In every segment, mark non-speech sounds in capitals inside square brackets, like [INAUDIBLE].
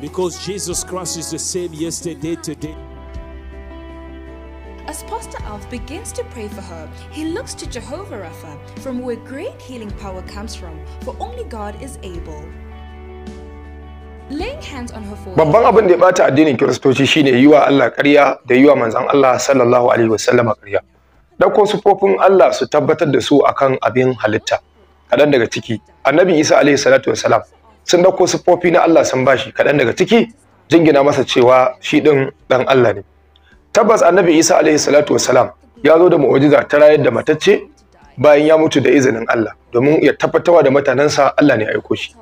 Because Jesus Christ is the same yesterday, today. As Pastor Alf begins to pray for her, he looks to Jehovah Rapha, from where great healing power comes from, for only God is able. Babban abin da ya bata addinin Kiristoci shine yi Allah ƙarya da yuwa manzon Allah sallallahu alaihi wasallama ƙarya. Dauko sufofin Allah su tabbatar da su akan abin halitta. Kaɗan daga ciki, Annabi Isa alaihi salatu wasalam sun dauko siffofi na Allah sun bashi kaɗan daga ciki jingina masa cewa shi ɗin ɗan Allah ne tabbas annabi Isa alaihi salatu wassalam ya zo da mu'ujiza ta rayar da matacce bayan ya mutu da izinin Allah domin ya tabbatarwa da mutanensa Allah ne aiko shi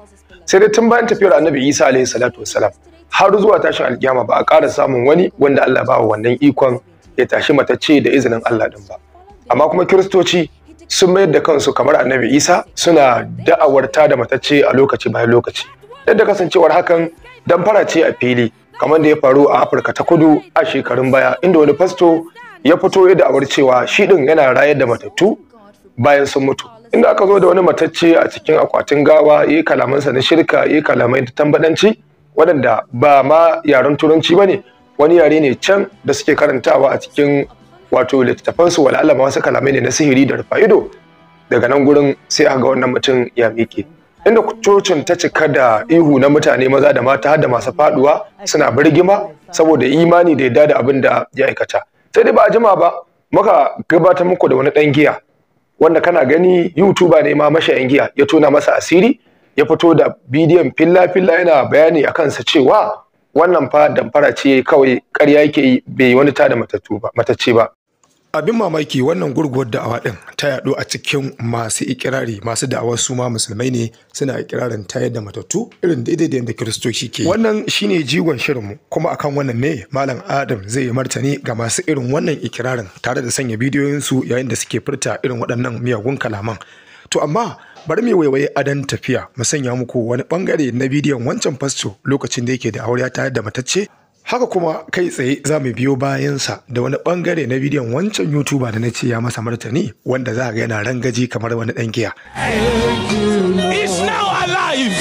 sai dai tun bayan tafiyar annabi Isa alaihi salatu wassalam har zuwa tashin alkiyama ba a ƙara samun wani wanda Allah ba wa wannan ikon ya tashi matacce da izinin Allah din ba amma kuma kiristoci sun mayar da kansu kamar annabi isa suna da'awarta da matacce a lokaci bayan lokaci yadda kasancewar hakan dan fara ce a fili kamar da ya faru a afirka ta kudu a shekarun baya inda wani fasto ya fito ya da'awar cewa shi din yana rayar da matattu bayan sun mutu inda aka zo da wani matacce a cikin akwatin gawa yi kalamansa na shirka yi kalamai da tambadanci waɗanda ba ma yaren turanci ba ne wani yare ne can da suke karantawa a cikin wato littattafansu wala Allah ma wasu kalamai ne na sihiri da rufa ido daga nan gurin sai a ga wannan mutum ya miƙe inda cocin ta cika da ihu na mutane maza da mata har da masu faduwa suna birgima saboda imani da yadda da abin da ya aikata sai dai ba a jima ba muka gabatar muku da wani dan giya wanda kana gani youtuber ne ma mashayin giya ya tona masa asiri ya fito da bidiyon filla filla yana bayani a kansa cewa wannan fa damfara ce kawai ƙarya yake yi bai wani tada matacce ba abin mamaki wannan gurguwar da'awa din ta yaɗu a cikin masu ikirari masu da'awar su ma musulmai ne suna ikirarin tayar da matattu irin daidai da yadda kiristoci ke wannan shine jigon shirinmu kuma akan wannan ne malam adam zai yi martani ga masu irin wannan ikirarin tare da sanya bidiyoyin su yayin da suke furta irin waɗannan miyagun kalaman to amma bari mu waiwaye adan tafiya mu sanya muku wani bangare na bidiyon wancan fasto lokacin da yake da aure ta da matacce haka kuma kai tsaye za mu biyo bayansa da wani bangare na bidiyon wancan youtuber da na ce ya masa martani wanda za ga yana rangaji kamar wani dan giya. It's now alive.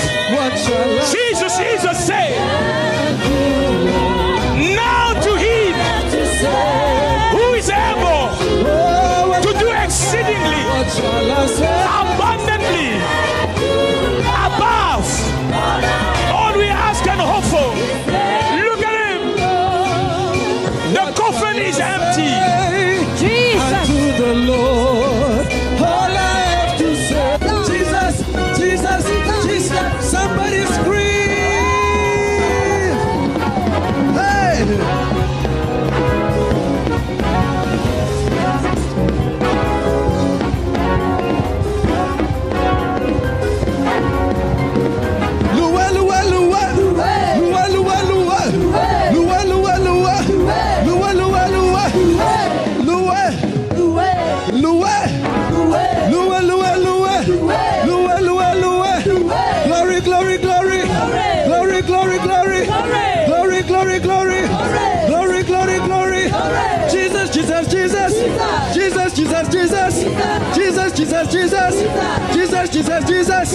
Jesus, Jesus, Jesus, Jesus, Jesus, Jesus, Jesus.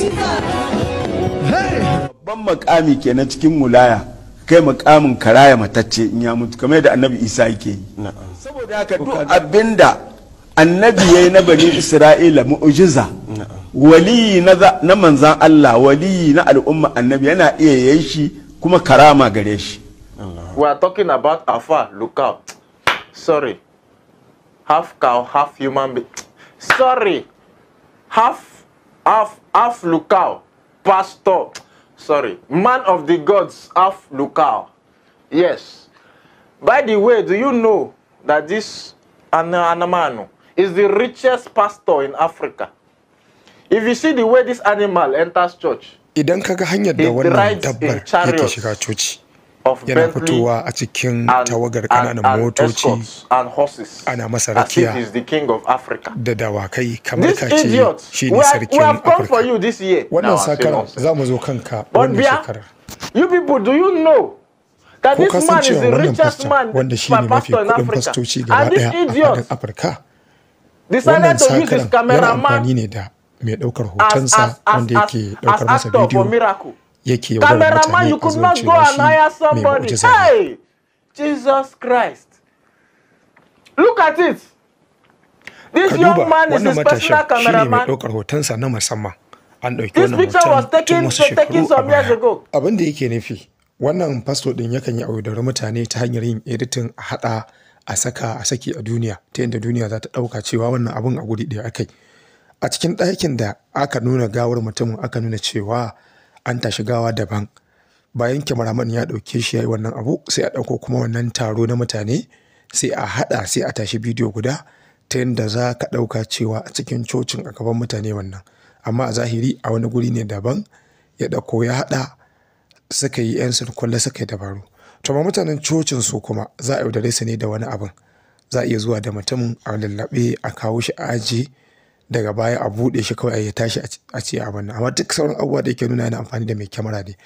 Babban makami na cikin mulaya kai makamin karaya matacce in ya mutu kamar yadda annabi Isa yake yi. Saboda haka duk abinda annabi ya yi na bani Isra'ila mu'ujiza waliyi na manzan Allah waliyi na al'umma annabi yana iya yayi shi kuma karama gare shi. We are talking about Afa Sorry. half cow half human being sorry half half half local pastor sorry man of the gods half local. yes by the way do you know that this anamanu is the richest pastor in africa if you see the way this animal enters church idan kaga hanyar da wannan dabbar yake shiga coci yana fitowa a cikin tawagar kananan motoci ana masa rakiya da dawakai kamar ka ce shi ne sarkin afirka wannan sakarar za mu zo kanka wannan shekarar ko ka san cewa wannan faston wanda shi ne mafi kudin fastoci gaba daya a fadin afirka wannan sakarar yana amfani ne da mai daukar hotonsa wanda yake daukar masa bidiyo yake yaudarar mutane a zuwa cewa mai mu'ujiza ne. Jesus Christ. Look at it. This young man is his personal cameraman. ɗaukar hotonsa na musamman. An ɗauki wannan hoton tun wasu shekaru a baya. Abin da yake nufi, wannan fasto ɗin yakan yi yaudarar mutane ta hanyar yin editin a haɗa a saka a saki a duniya ta yadda duniya za ta ɗauka cewa wannan abun a guri ɗaya akai. A cikin ɗakin da aka nuna gawar mutumin aka nuna cewa an tashi gawa daban bayan kyamaraman ya ɗauke shi ya yi wannan abu sai a ɗauko kuma wannan taro na mutane sai a haɗa sai a tashi bidiyo guda ta yadda za ka ɗauka cewa a cikin cocin a gaban mutane wannan amma a zahiri a wani guri ne daban ya ɗauko ya haɗa suka yi 'yan kulle suka yi dabaru to ma mutanen cocin su kuma za a yaudare su ne da wani abin za a iya zuwa da mutumin a lallaɓe a kawo shi a ajiye daga baya a buɗe shi kawai ya tashi a ce abin nan amma duk sauran abubuwa da yake nuna yana amfani da mai kyamara ne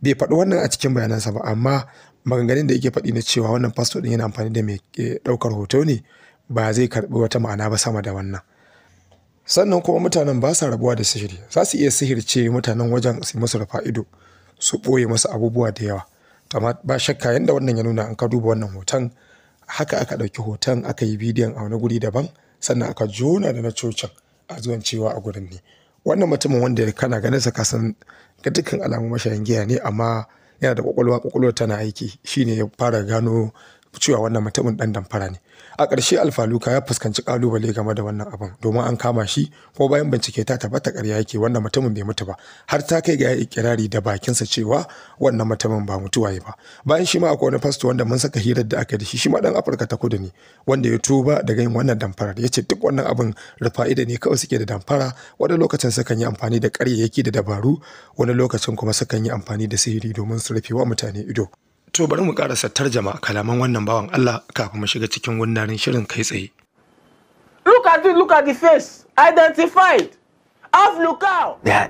bai faɗi wannan a cikin bayanansa ba amma maganganun da yake faɗi na cewa wannan fasto ɗin yana amfani da mai eh, ɗaukar hoto ne ba zai karɓi wata ma'ana ba sama da wannan sannan kuma mutanen ba sa rabuwa da sihiri za su iya sihirce mutanen wajen su musu rufa ido su ɓoye musu abubuwa da yawa amma ba shakka yadda wannan ya nuna an ka duba wannan hoton haka aka ɗauki hoton aka yi bidiyon a wani guri daban sannan aka jona da na cocin azuwancewa a gurin ne wannan mutumin wanda kana ganin sa kasan ga dukkan alamun mashayin giya ne amma yana da kwakwalwa kwakwalwar tana aiki shine ya fara gano cewa wannan mutumin dan damfara ne a ƙarshe alfaluka ya fuskanci kalubale game da wannan abin domin an kama shi ko bayan bincike ta tabbata ƙarya yake wannan mutumin bai mutu ba har ta kai ga ya ikirari da bakinsa cewa wannan mutumin ba mutuwa ba bayan shi ma akwai wani fasto wanda mun saka hirar da aka da shi shi ma dan afirka ta kudu ne wanda ya tuba daga yin wannan damfara ya ce duk wannan abin rufa'i da ne kawai suke da damfara wani lokacin sukan yi amfani da ƙaryayyaki da dabaru wani lokacin kuma sukan yi amfani da sihiri domin su rufe wa mutane ido To bari mu ƙarasa tarjama kalaman wannan bawan Allah kafin mu shiga cikin wannan shirin kai tsaye. Look at it, look at the face, identified, half look out. Yeah.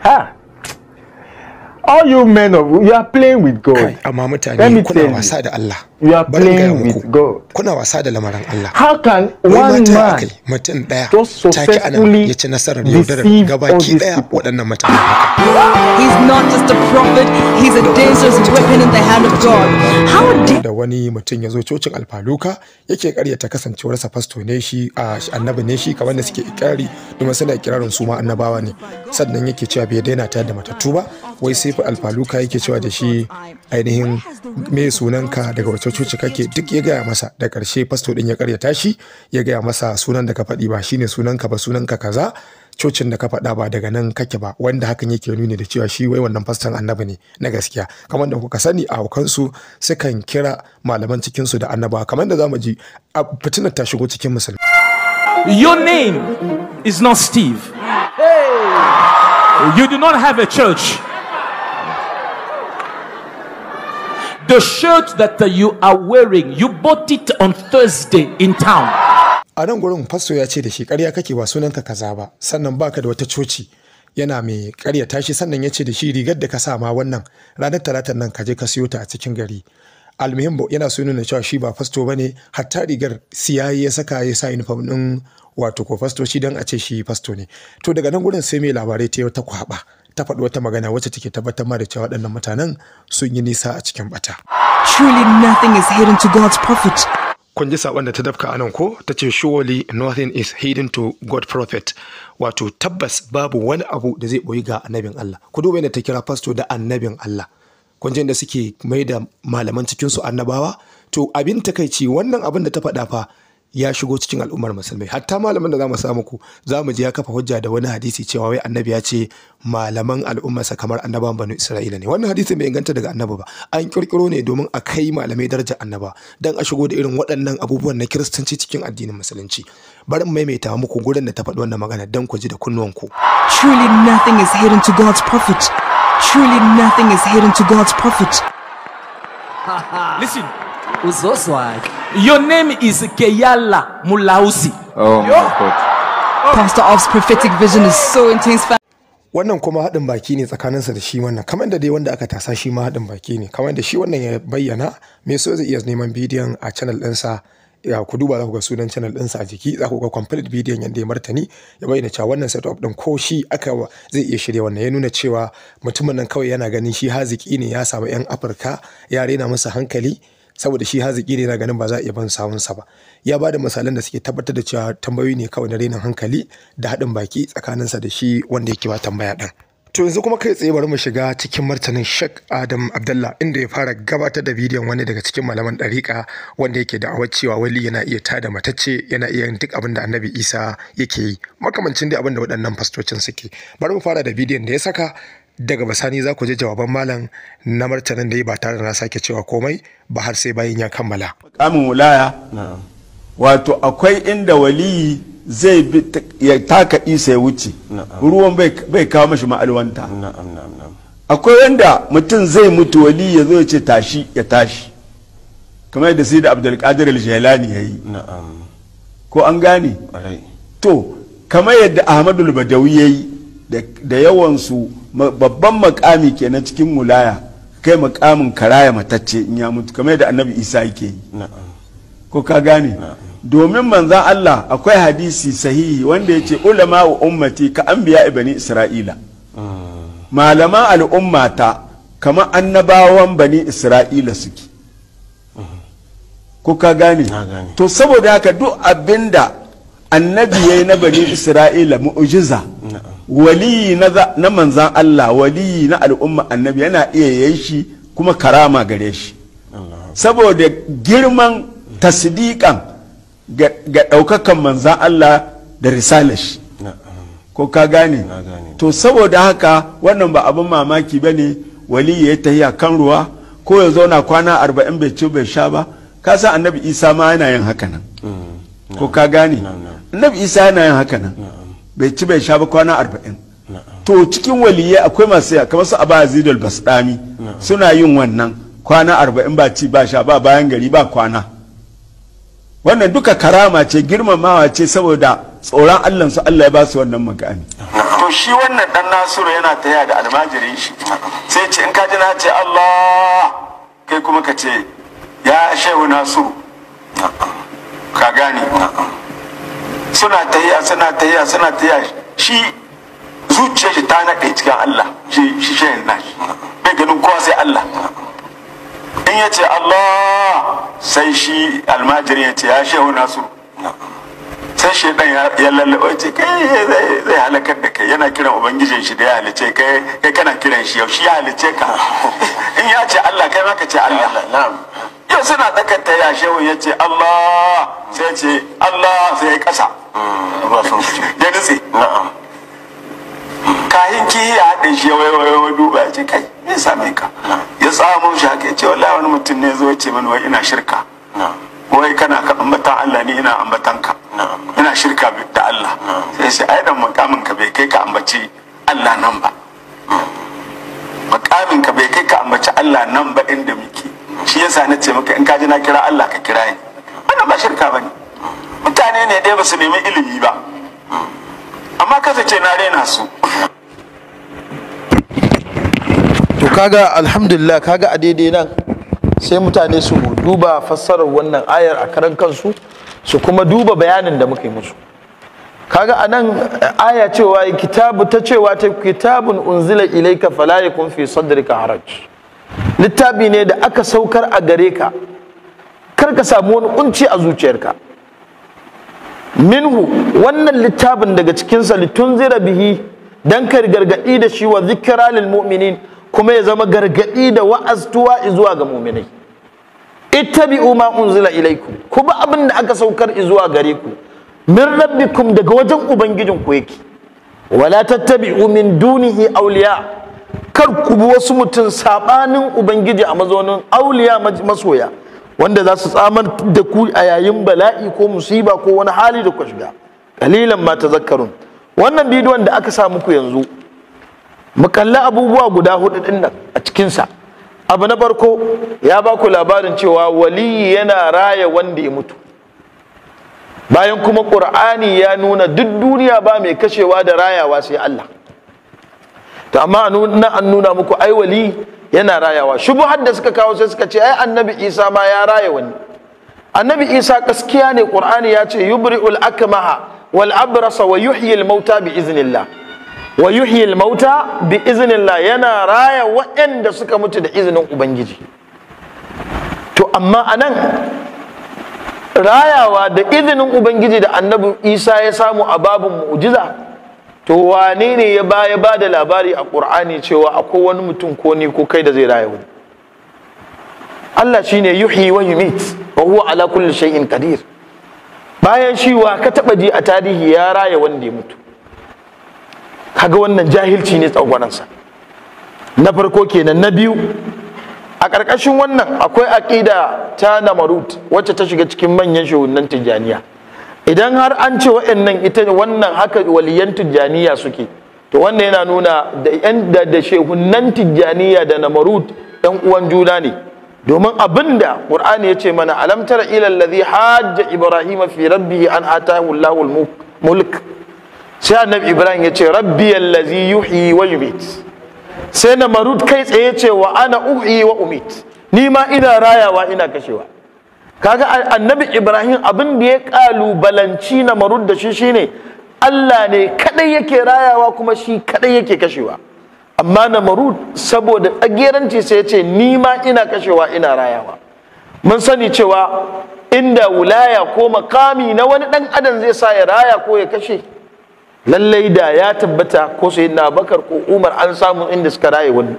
Ha. all you men of you are playing with God. Kai, amma mutane kuna wasa da Allah. You are playing with God. Kuna wasa da lamarin Allah. How can one man mutum daya take anan ya ci nasarar yaudarar gabaki daya waɗannan mutane. He's not just a prophet, he's a dangerous weapon in the hand of God. How da wani mutum ya zo cocin alfaluka yake karyata sa fasto ne shi annabi ne shi kamar da suke ikirari domin suna ikirarin su ma annabawa ne sannan yake cewa bai daina ta da matattu ba wai sai khalifa alfaluka yake cewa da shi ainihin me sunanka daga wace cuci kake duk ya gaya masa da karshe fasto din ya karyata shi ya gaya masa sunan da ka faɗi ba shine sunanka ba sunanka kaza cocin da ka faɗa ba daga nan kake ba wanda hakan yake nuni da cewa shi wai wannan fastan annabi ne na gaskiya kamar da kuka sani a hukansu sukan kira malaman cikinsu da annaba kamar da zamu ji a fitinar ta shigo cikin musulmi your name is not steve hey. you do not have a church The shirt that you are wearing, you bought it on Thursday in town. A nan gurin fasto ya ce da shi ƙarya kake ba sunanka kaza ba, sannan baka da wata coci. Yana mai ƙarya tashi sannan ya ce da shi rigar da ka sa ma wannan ranar talatar nan ka je ka siyo ta a cikin gari. almuhimbo yana so nuna cewa shi ba fasto bane hatta rigar siyayi ya saka ya sa uniform din wato ko fastoci dan a ce shi fasto ne to daga nan gurin sai mai labarai ta ta kwaba ta faɗi wata magana wacce take tabbatar da cewa waɗannan mutanen sun yi nisa a cikin bata. Truly nothing is hidden to God's prophet. Kun ji saɓon da ta dafka a ko ta ce surely nothing is hidden to God's prophet wato tabbas babu wani abu da zai ɓoyi ga annabin Allah. Ku duba yadda ta kira fasto da annabin Allah. Kun da suke mai da malaman cikinsu annabawa? To abin takaici wannan abin da ta faɗa fa ya shigo cikin al'ummar musulmai hatta malamin da zamu samu ku zamu ji ya kafa hujja da wani hadisi cewa wai annabi ya ce malaman al'ummarsa kamar annabawan banu isra'ila ne wannan hadisi bai inganta daga annabi ba an kirkiro ne domin a kai malamai darajar annaba dan a shigo da irin waɗannan abubuwan na kiristanci cikin addinin musulunci bari mu maimaita muku gurin da ta faɗi wannan magana dan ku ji da kunnuwanku truly nothing is hidden to god's prophet truly nothing is hidden to god's prophet listen was Your name is Keyala Mulausi. Oh my God. Pastor Off's prophetic vision is so intense. Wannan kuma haɗin baki ne tsakaninsa da shi wannan, kamar da dai wanda aka tasa shi ma haɗin baki ne, kamar da shi wannan ya bayyana, me so zai iya neman bidiyon a channel ɗinsa ya ku duba za ku ga sunan channel ɗinsa a jiki za ku ga complete bidiyon yadda ya martani ya bayyana cewa wannan setup ɗin ko shi aka zai iya shirya wannan ya nuna cewa mutumin nan kawai yana ganin shi haziki ne ya samu 'yan afirka ya rena musu hankali saboda shi haziki ne na ganin ba za a iya ban sa ba ya bada misalan da suke tabbatar da cewa tambayoyi ne kawai na renin hankali da haɗin baki tsakaninsa da shi wanda yake ba tambaya din to yanzu kuma kai tsaye bari mu shiga cikin martanin Sheikh Adam Abdullah inda ya fara gabatar da bidiyon wani daga cikin malaman ɗariƙa wanda yake da'awar cewa wali yana iya tada matacce yana iya yin duk abin da Annabi Isa yake yi makamancin dai abin da waɗannan fastocin suke bari mu fara da bidiyon da ya saka daga basani za ku je jawaban malam na martanin da yi ba tare da na sake cewa komai ba har sai bayan ya kammala makamin wulaya, wato akwai inda waliyi zai ya taka isa ya wuce ruwan bai kawo mashi ma'alwanta akwai wanda mutum zai mutu wali ya zo ya ce tashi ya tashi kamar yadda sai da abdulkadir al-jailani ya yi ko an gane to kamar yadda al badawi ya yi da yawansu babban makami ke na cikin mulaya kai makamin karaya matacce in ya mutu kamar da annabi isa yake yi ko ka gane domin manzan allah akwai hadisi sahihi wanda ya ce ulama wa ummati ka an biya ibani isra'ila hmm. malaman al'ummata kamar annabawan bani isra'ila suke hmm. ko ka gane to saboda haka duk abinda annabi ya yi na bani isra'ila mu'jiza waliyi na manzan Allah waliyi na al'umma annabi yana iya yayi shi kuma karama gare shi saboda girman tasdiqan ga ɗaukakan manzan Allah da risalar shi ko ka gane to saboda haka wannan ba abin mamaki ba ne waliyi ya tahiya kan ruwa ko ya zauna kwana arba'in bai ci bai sha ba ka san annabi isa ma yana yin haka nan mm. ko ka gane annabi isa yana yin haka nan bai ci bai sha ba kwana arba'in to cikin waliyai akwai masu ya kamar su aba zidul basdami suna yin wannan kwana arba'in ba ci ba sha ba bayan gari ba kwana wannan duka karama ce girmamawa ce saboda tsoron allah su allah ya ba su wannan magani to shi wannan dan nasiru yana taya da almajiri shi sai ce in ka ji na ce allah kai kuma ka ce ya shehu nasiru ka gane suna a suna a suna a shi zuciya shi ta naɗe cikin Allah shi na shi bai ganin kowa sai Allah in ya ce Allah sai shi almajirin ya ce ya shehu nasu sai shi ɗan ya lallaba ce kai zai halakar da kai yana kiran ubangijin shi da ya halice kai kai kana kiran shi yau shi ya halice ka [LAUGHS] in ya ce Allah kai ma ka ce Allah yau suna tsakanta ya shehu ya ce Allah sai ce Allah sai ya kasa ba son su da nutse na'am kahin kihi a haɗin shi ya waiwaiwa duba ya ce kai me me ka ya tsamo shi haka ya ce wallahi wani mutum ne zo ya ce mini wai ina shirka wai kana ka ambatan Allah ni ina ambatan ka ina shirka da Allah sai sai ai dan makamin ka bai kai ka ambaci Allah nan ba makamin ka bai kai ka ambaci Allah nan ba inda muke shi yasa na ce maka in ka ji na kira Allah ka kira ni wannan ba shirka bane ba su nemi ilimi ba amma kasa ce na rena su to kaga alhamdulillah kaga a daidai nan sai mutane su duba fassarar wannan ayar a karan kansu su kuma duba bayanin da muka yi musu kaga a nan aya cewa kitabu ta cewa ta kitabun unzila ilaika fala yakun fi sadrika haraj littafi ne da aka saukar a gare ka kar ka samu wani kunci a zuciyarka minhu wannan littafin daga cikinsa litunzira bihi dan ka gargadi da shi wa zikra lil mu'minin kuma ya zama gargadi da wa'aztuwa zuwa ga mu'minai ittabi'u ma unzila ilaikum ku bi abin da aka saukar zuwa gare ku min rabbikum daga wajen ubangijin ku yake wala tattabi'u min dunihi awliya kar ku bi wasu mutum sabanin ubangiji a mazonin awliya masoya wanda za su tsamar da ku a yayin bala'i ko musiba ko wani hali da ku shiga kalilan ma tazakkarun wannan bidiyon da aka sa muku yanzu mu kalli abubuwa guda hudu din nan a cikinsa abu na farko ya ba ku labarin cewa waliyi yana raya wanda ya mutu bayan kuma ƙur'ani ya nuna duk duniya ba mai kashewa da rayawa sai Allah to amma an nuna muku ai wali yana rayawa shubuhar da suka kawo sai suka ce ai annabi isa ma ya raya wani annabi isa gaskiya ne qur'ani ya ce yubri'ul akmaha wal abrasa wa yuhyi al mauta bi iznillah wa yuhyi mauta bi iznillah yana raya waɗanda suka mutu da izinin ubangiji to amma anan rayawa da izinin ubangiji da annabi isa ya samu a babun mu'jiza to wane ne ya baya ba da labari a ƙur'ani cewa akwai wani mutum ko ni ko kai da zai rayu? Allah shine yuhi wa yumit wa huwa ala kulli shay'in qadir bayan shi wa ka taba ji a tarihi ya raya wanda ya mutu kaga wannan jahilci ne tsagwaransa na farko kenan na biyu a ƙarƙashin wannan akwai aƙida ta namarut wacce ta shiga cikin manyan shehunan tijjaniya idan har an ce wa'annan ita wannan haka waliyan tijjaniya suke to wannan yana nuna da yan da da shehunan tijjaniya da namarud yan uwan juna ne domin abinda qur'ani ya ce mana alam tara ila allazi hajja ibrahima fi rabbihi an atahu allahul mulk sai annabi ibrahim ya ce rabbi allazi yuhyi wa yumit sai namarud kai tsaye ce wa ana uhi wa umit ni ma ina rayawa ina kashewa kaga annabi ibrahim abin da ya kalubalanci na marud da shi shine allah ne kadai yake rayawa kuma shi kadai yake kashewa amma na marud saboda tsageranci sai ya ce ni ma ina kashewa ina rayawa mun sani cewa inda wulaya ko makami na wani dan adam zai sa ya raya ko ya kashe lallai da ya tabbata ko sai na bakar ko umar an samu inda suka raye wani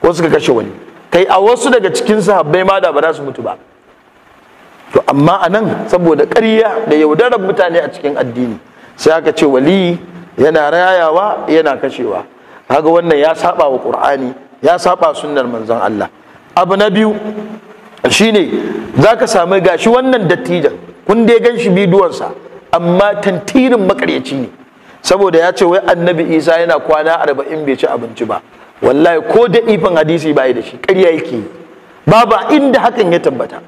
ko suka kashe wani kai a wasu daga cikin sahabbai ma da ba za su mutu ba to amma anan saboda ƙarya da yaudarar mutane a cikin addini sai aka ce wali yana rayawa yana kashewa kaga wannan ya saba wa qur'ani ya saba sunnar manzon Allah abu na biyu shine zaka samu gashi wannan dattijan kun dai ganshi bidiyonsa amma tantirin makaryaci ne saboda ya ce wai annabi isa yana kwana arba'in bai ci abinci ba wallahi ko da ifin hadisi bai da shi ƙarya yake babu inda hakan ya tabbata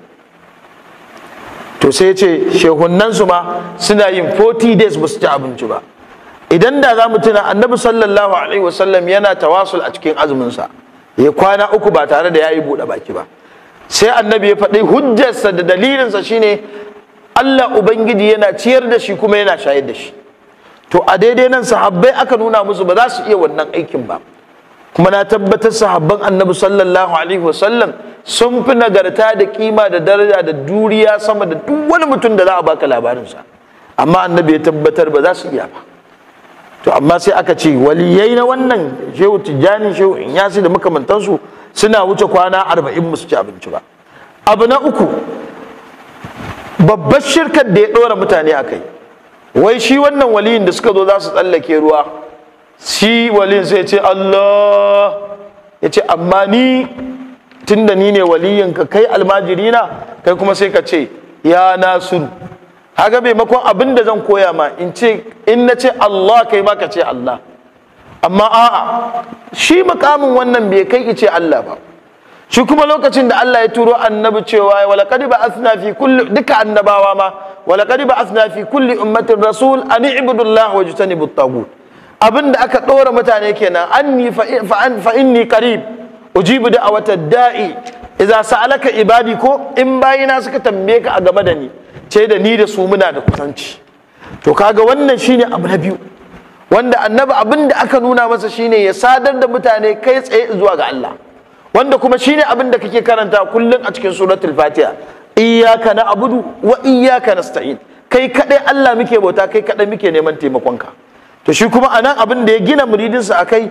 to sai ce su ma suna yin 40 days ba su ci abinci ba idan da za mu tuna annabi sallallahu alaihi wasallam yana tawasul a cikin azuminsa ya kwana uku ba tare da ya yi buɗe baki ba sai annabi ya faɗi hujjarsa da dalilinsa shine Allah Ubangiji yana ciyar da shi kuma yana shayar da shi to a daidai nan sahabbai aka nuna musu ba za su iya wannan aikin ba kuma na tabbatar sahabban annabi sallallahu alaihi wasallam sun fi nagarta da kima da daraja da duriya sama da duk wani mutum da za a baka labarinsa amma annabi ya tabbatar ba za su iya ba to amma sai aka ce waliyai na wannan shehu tijjani shehu in yasi da makamantansu suna wuce kwana arba'in musu ci abinci ba abu na uku babbar shirkar da ya ɗora mutane a kai wai shi wannan waliyin da suka zo za su tsallake ruwa shi walin sai ce Allah ya ce amma ni da ni ne waliyinka kai almajirina kai kuma sai ka ce ya nasiru haka maimakon abin da zan koya ma in ce in na ce Allah kai ma ka ce Allah amma a'a shi mukamin wannan bai kai ice Allah ba shi kuma lokacin da Allah ya turo annabi cewa walaqad ba'athna fi kulli duka annabawa ma walaqad ba'athna fi kulli ummatin rasul an i'budu Allah wajtanibu at abin da aka ɗora mutane kenan anni fa inni qarib ujibu da'awata da'i idza sa'alaka ibadi ko in bayina suka tambaye ka a game da ni ce da ni da su muna da kusanci to kaga wannan shine abu na biyu wanda annabi abin da aka nuna masa shine ya sadar da mutane kai tsaye zuwa ga Allah wanda kuma shine abin da kake karanta kullum a cikin suratul fatiha iyyaka na'budu wa iyyaka nasta'in kai kadai Allah muke bauta kai kadai muke neman taimakonka to shi kuma anan abin da ya gina muridinsa a kai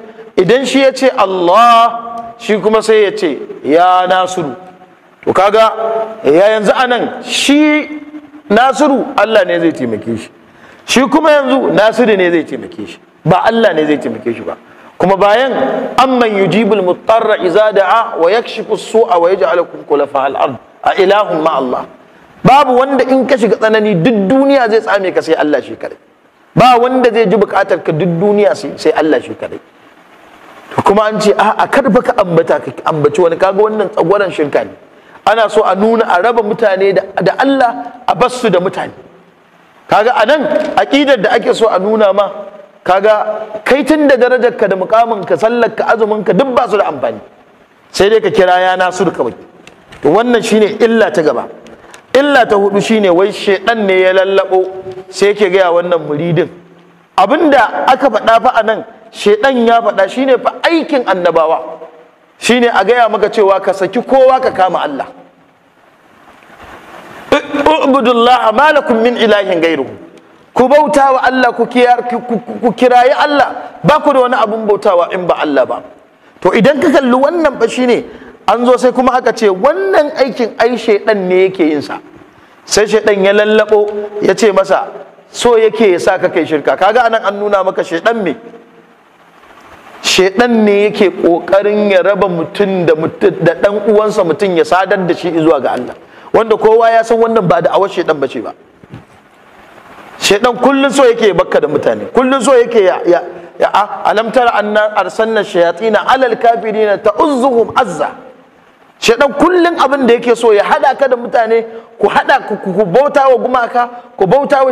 idan shi ya ce Allah shi kuma sai ya ce ya nasiru to kaga ya yanzu anan shi nasiru Allah ne zai taimake shi shi kuma yanzu nasiru ne zai taimake shi ba Allah ne zai taimake shi ba kuma bayan amman yujibul muttarra iza da'a wa yakshifu su'a wa yaj'alukum khulafa al-ard a ilahun ma Allah babu wanda in ka shiga tsanani duk duniya zai tsame ka sai Allah shi kare ba wanda zai ji bukatar ka duk duniya sai Allah shi kadai to kuma an ce a kar baka ambata ka ambaci wani kaga wannan tsagwaran shirka ne ana so a nuna a raba mutane da Allah a basu da mutane kaga anan aqidar da ake so a nuna ma kaga kai tun da darajarka da mukamin ka sallar ka azumin ka duk ba su da amfani sai dai ka kira ya nasu kawai to wannan shine illa ta gaba illa ta hudu shine wai shedan ne ya lallabo sai yake gaya wannan muridin abinda aka faɗa fa a nan shedan ya faɗa shine fa aikin annabawa shine a gaya maka cewa ka saki kowa ka kama Allah ubudullah malakum min ilahin gairuhu ku bautawa wa Allah ku kirayi Allah ba ku da wani abun bautawa in ba Allah ba to idan ka kalli wannan ba shine an zo sai kuma aka ce wannan aikin ai shaidan ne yake yin sa sai shaidan ya lallabo ya ce masa so yake ya sa ka kai shirka kaga anan an nuna maka shaidan me shaidan ne yake kokarin ya raba mutum da da dan uwansa mutum ya sadar da shi zuwa ga Allah wanda kowa ya san wannan ba da awar shaidan bace ba shaidan kullun so yake bakka da mutane kullun so yake ya ya alam tara anna arsalna shayatin alal kafirina ta'uzzuhum azza shaɗan kullum abin da yake so ya haɗa ka da mutane ku haɗa ku ku bauta wa gumaka ku bauta wa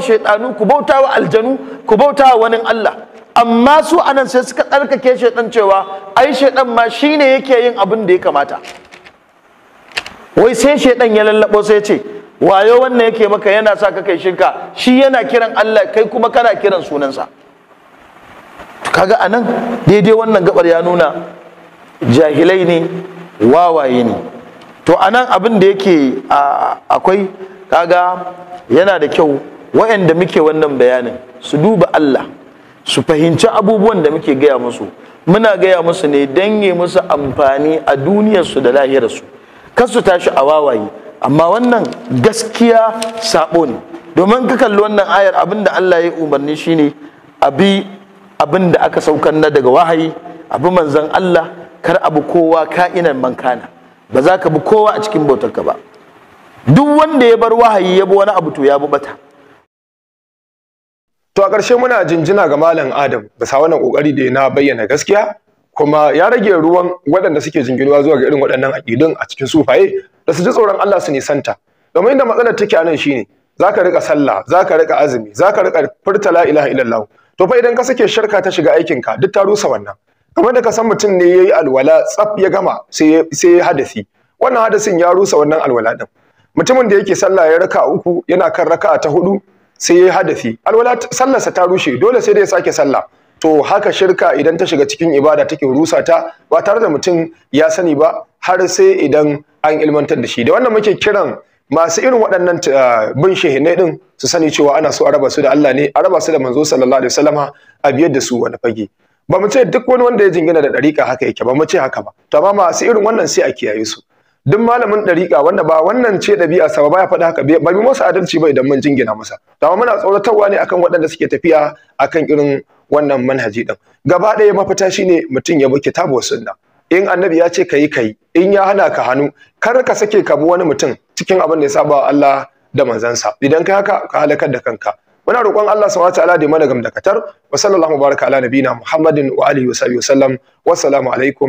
ku bauta wa aljanu ku bauta wa wani Allah amma su anan sai suka tsarkake shedan cewa ai shedan ma shine yake yin abin da ya kamata wai sai shedan ya lallabo sai ce wayo wannan yake maka yana sa ka kai shinka shi yana kiran Allah kai kuma kana kiran sunansa kaga anan daidai wannan gabar ya nuna jahilai ne wawaye ne to anan abin da yake akwai kaga yana da kyau waɗanda muke wannan bayanin su duba Allah su fahimci abubuwan da muke gaya musu muna gaya musu ne don musu amfani a duniyarsu da lahirarsu kar su tashi a wawaye amma wannan gaskiya sabo ne domin ka kalli wannan ayar abin da Allah ya umarni shine abi abin da aka saukar na daga wahayi abi manzon Allah kar abu kowa ka'inan mankana ba za ka bi kowa a cikin bautarka ba duk wanda ya bar wahayi ya bi wani abu to ya bi bata to a ƙarshe muna jinjina ga malam adam bisa wannan kokari da na bayyana gaskiya kuma ya rage ruwan waɗanda suke jinginuwa zuwa ga irin waɗannan aƙidun a cikin sufaye da su ji tsoron Allah su nisanta domin inda matsalar take anan shine zaka rika sallah zaka rika azumi zaka rika furta la ilaha illallah to fa idan ka sake shirka ta shiga aikin ka duk ta rusa wannan kamar da ka san mutum ne yayi alwala tsaf ya gama sai sai hadasi wannan hadasin ya rusa wannan alwala din mutumin da yake sallah ya raka uku yana kan raka ta hudu sai yayi hadasi alwala sallarsa ta rushe dole sai da ya sake sallah to haka shirka idan ta shiga cikin ibada take rusa ta ba tare da mutum ya sani ba har sai idan an ilmantar da shi da wannan muke kiran masu irin waɗannan ah, bin shehine din su sani cewa ana so a raba su da Allah ne a raba su da manzo sallallahu alaihi wasallama a biyar da su wani fage ba mu ce duk wani wanda ya jingina da ɗariƙa haka yake ba mu ce haka ba to amma masu irin wannan sai a kiyaye su duk malamin ɗariƙa wanda ba wannan ce ɗabi'a sa ba ya faɗa haka ba mu masa adalci ba idan mun jingina masa to amma muna tsoratarwa ne akan waɗanda suke tafiya akan irin wannan manhaji din gaba ɗaya mafita shine mutum ya bi kitabu sunna in annabi ya ce kayi kayi in ya hana ka hannu kar ka sake ka bi wani mutum cikin abin da ya saba Allah da manzansa idan kai haka ka halakar da kanka muna roƙon Allah subhanahu wataala da mana gamdakatar wa sallallahu baraka ala nabiyina Muhammadin wa alihi wa sahbihi wasallam wassalamu alaikum